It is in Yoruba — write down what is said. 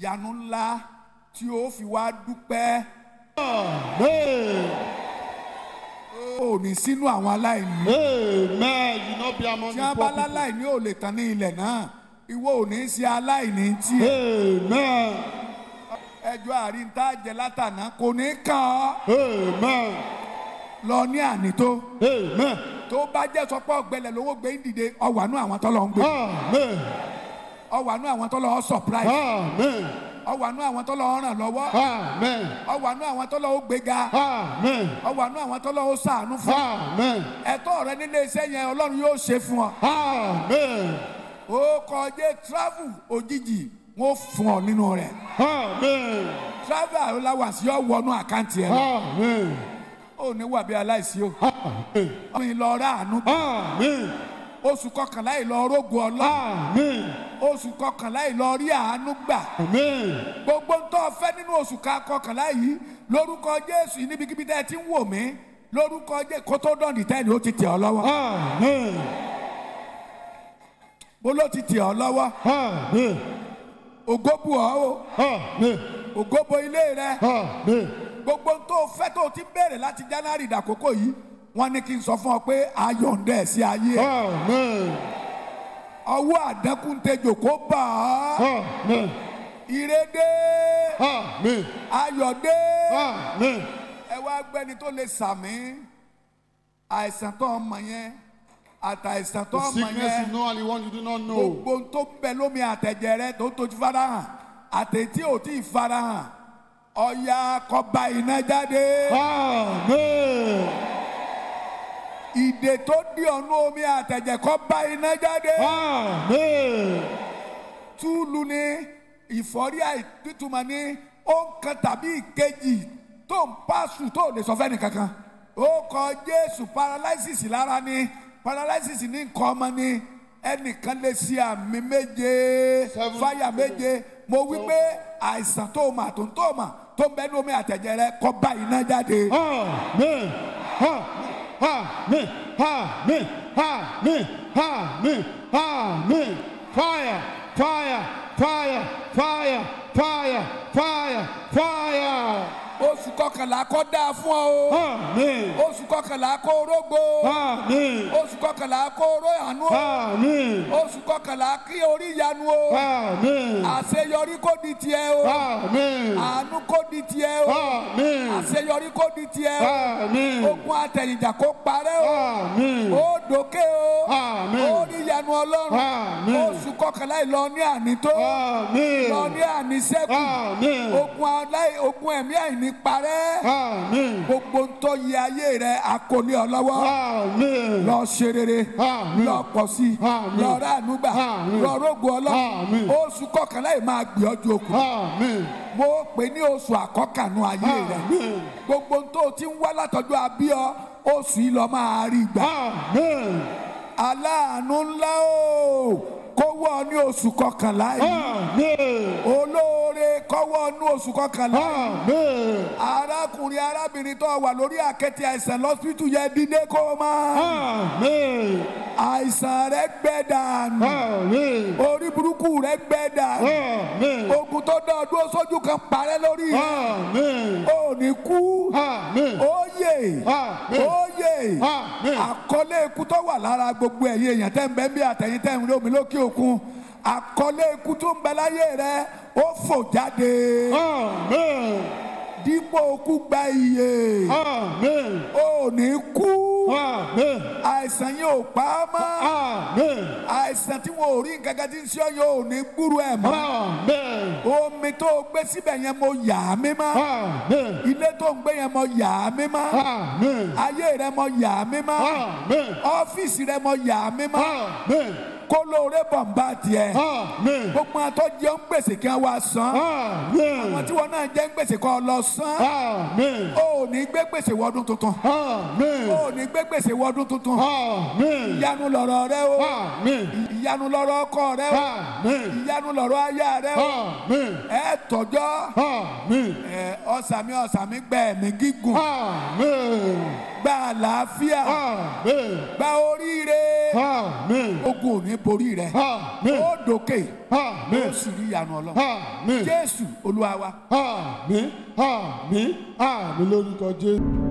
ìyanu ńlá tí ó fi wá dúpẹ́. o ní sínú àwọn aláìní. tí a bá láláìní ò lè tán ní ilẹ̀ náà ìwọ ò ní ṣe aláìní tí. ẹjọ́ àríntá jẹ látàná kò ní kàn ọ́. lọ ní ànító. tó bá jẹ́ sọpọ́ ọ̀gbẹ́lẹ̀ lówó gbé ń dìde ọ̀wánú àwọn tọ́lọ́ ń gbé ọ wà nú àwọn tó lọ surprise. amen. ọ wà nú àwọn tó lọ ràn lọ́wọ́. amen. ọ wà nú àwọn tó lọ gbéga. amen. ọ wà nú àwọn tó lọ ṣàánú fún. amen. ẹ̀tọ́ rẹ nílé iṣẹ́ yẹn ọlọ́run yóò ṣe fún ọ. amen. ó kọjá travel òjijì wọn fún ọ nínú rẹ. amen. travel allowance yóò wọnú àkáǹtì ẹ. amen. ó ní wà bí aláìsí o. amen. ọmọ ìlọra àánú. amen. oṣù kọkànlá yìí lọ rógo oṣù kọkànlá yìí lọ rí àánú gbà gbogbo ń tọ́ fẹ́ nínú oṣù kọkànlá yìí lórúkọ jésù níbikíbi tẹ́ ẹ ti ń wò mí lórúkọ jésù kó tó dán nìtẹ́ ni ó ti tẹ̀ ọ́ lọ́wọ́ mo ló ti tẹ̀ ọ́ lọ́wọ́ ògo ọ́ o ògo ilé rẹ gbogbo ń tọ́ fẹ́ tó ti ń béèrè láti January dàkókò yìí. wọ́n ní kí n sọ fún ọ pé ayọ̀ǹda ẹ̀ sí ayé ẹ̀. ọwọ́ àdẹ́kùntẹ́jọ kó bà á. ìrédé ayọ̀dé ẹ wá gbẹ́ni tó lè sàmí àìsàn tó ọmọ yẹn àtàìsàn tó ọmọ yẹn gbogbo tó bẹ lómi àtẹ̀jẹ̀ rẹ tó ń tojú farahàn àtẹ̀tí ò tí ì farahàn ọ̀ya kọba iná jáde. Amen ìdè tó di ọ̀nà omi àtẹ̀jẹ̀ kó bá iná jáde. túlù ni ìfọ́rí àìtútùmọ̀ ni ó ń kan tàbí ìkejì tó ń pàṣù tó lè sọ fẹ́ni kankan. ó kọ jésù paralysis lára ni paralysis ní nǹkan ọmọ ni ẹnìkan lè ṣe àmì méje fáyà méje mo wí pé àìsàn tó mà tó ń tó mà tó ń bẹ́ẹ̀ ní omi àtẹ̀jẹ̀ rẹ kó bá iná jáde. àmín. àmín. Amen. Amen. Amen. Amen. Amen. Fire. Fire. Fire. Fire. Fire. Fire. Fire. oṣù kọkànlá kó dáa fún ọ oṣù kọkànlá kó rógbó oṣù kọkànlá kó ró àánú oṣù kọkànlá kí orí yanu àṣeyọrí kó di tiẹ o àánú kó di tiẹ o àṣeyọrí kó di tiẹ o ogun àtẹ̀yìnjà kó parẹ́ o ó dòkè o ó rí ọlọ́run oṣù kọkànlá ìlọ ní ànító lọ ní àníṣẹ́kù ogun ẹ̀mí àìní ní parẹ́. Gbogbo ń yẹ ayé rẹ̀ akọni ọlọ́wọ́. Lọ ṣe Lọ pọ̀ Lọ rà ànúgbà. Lọ rógo ọlọ́wọ́. Oṣù kọkànlá yìí máa gbé ọjọ́ Mo pè ní oṣù àkọ́kànú ayé rẹ̀. Gbogbo ń ti ń wá látọjọ́ abíọ́ oṣù yìí lọ máa rí gbà. Aláàánú ńlá o kó wọ ní oṣù kọkànlá yìí olóore kó wọ ní oṣù kọkànlá yìí arákùnrin arábìnrin tó wà lórí àkẹ́tì àìsàn lọ́sítù yẹ dídé kó máa àìsàn rẹ gbẹ dànù orí burúkú rẹ gbẹ dànù ogun tó dán ọdún sójú kan parẹ́ lórí òní kú ó yè ó. Amen. àkọlé ikú tó wà lára gbogbo ẹ̀yin èèyàn tẹ́ ń bẹ bí àtẹ̀yìn tẹ́ ń rí omi lókè òkun àkọlé ikú tó ń bẹ láyé rẹ ó fò jáde. Amen. dípò okú gba iye. Amen. ò ní kú àìsàn yẹn ò pa á mọ́ àìsàn tí wọn ò rí nǹkan kan tí ń ṣe ọ yẹn ò ní gbúrú ẹ̀ mọ́ omi tó o gbé síbẹ̀ yẹn mo yà á mi mọ́ ilé tó ń gbé yẹn mo yà á mi mọ́ ayé rẹ mo yà á mi mọ́ ọ́fíìsì rẹ mo yà á mi mọ́ kó lóore bọ̀ ń bá tiẹ̀. gbogbo àtọ́ jẹ́ ń gbèsè kí wọ́n wá san. àwọn tí wọ́n náà jẹ́ ń gbèsè kọ́ lọ san. o ò ní gbé gbèsè wọ́dún tuntun. o ò ní gbé gbèsè wọ́dún tuntun. ìyanu lọ̀rọ̀ rẹ o ìyanu lọ́rọ̀ ọkọ rẹ o ìyanu lọ́rọ̀ aya rẹ o ẹ tọjọ́ ẹ ọ̀sàmì ọ̀sàmì gba ẹ̀mí gígùn gba àlàáfíà gba oríire ogun ò ní borí rẹ ó dòkè ó sì rí ìyanu ọlọ́run jésù olúwa wa. àmín àmín àmín lórúkọ jésù.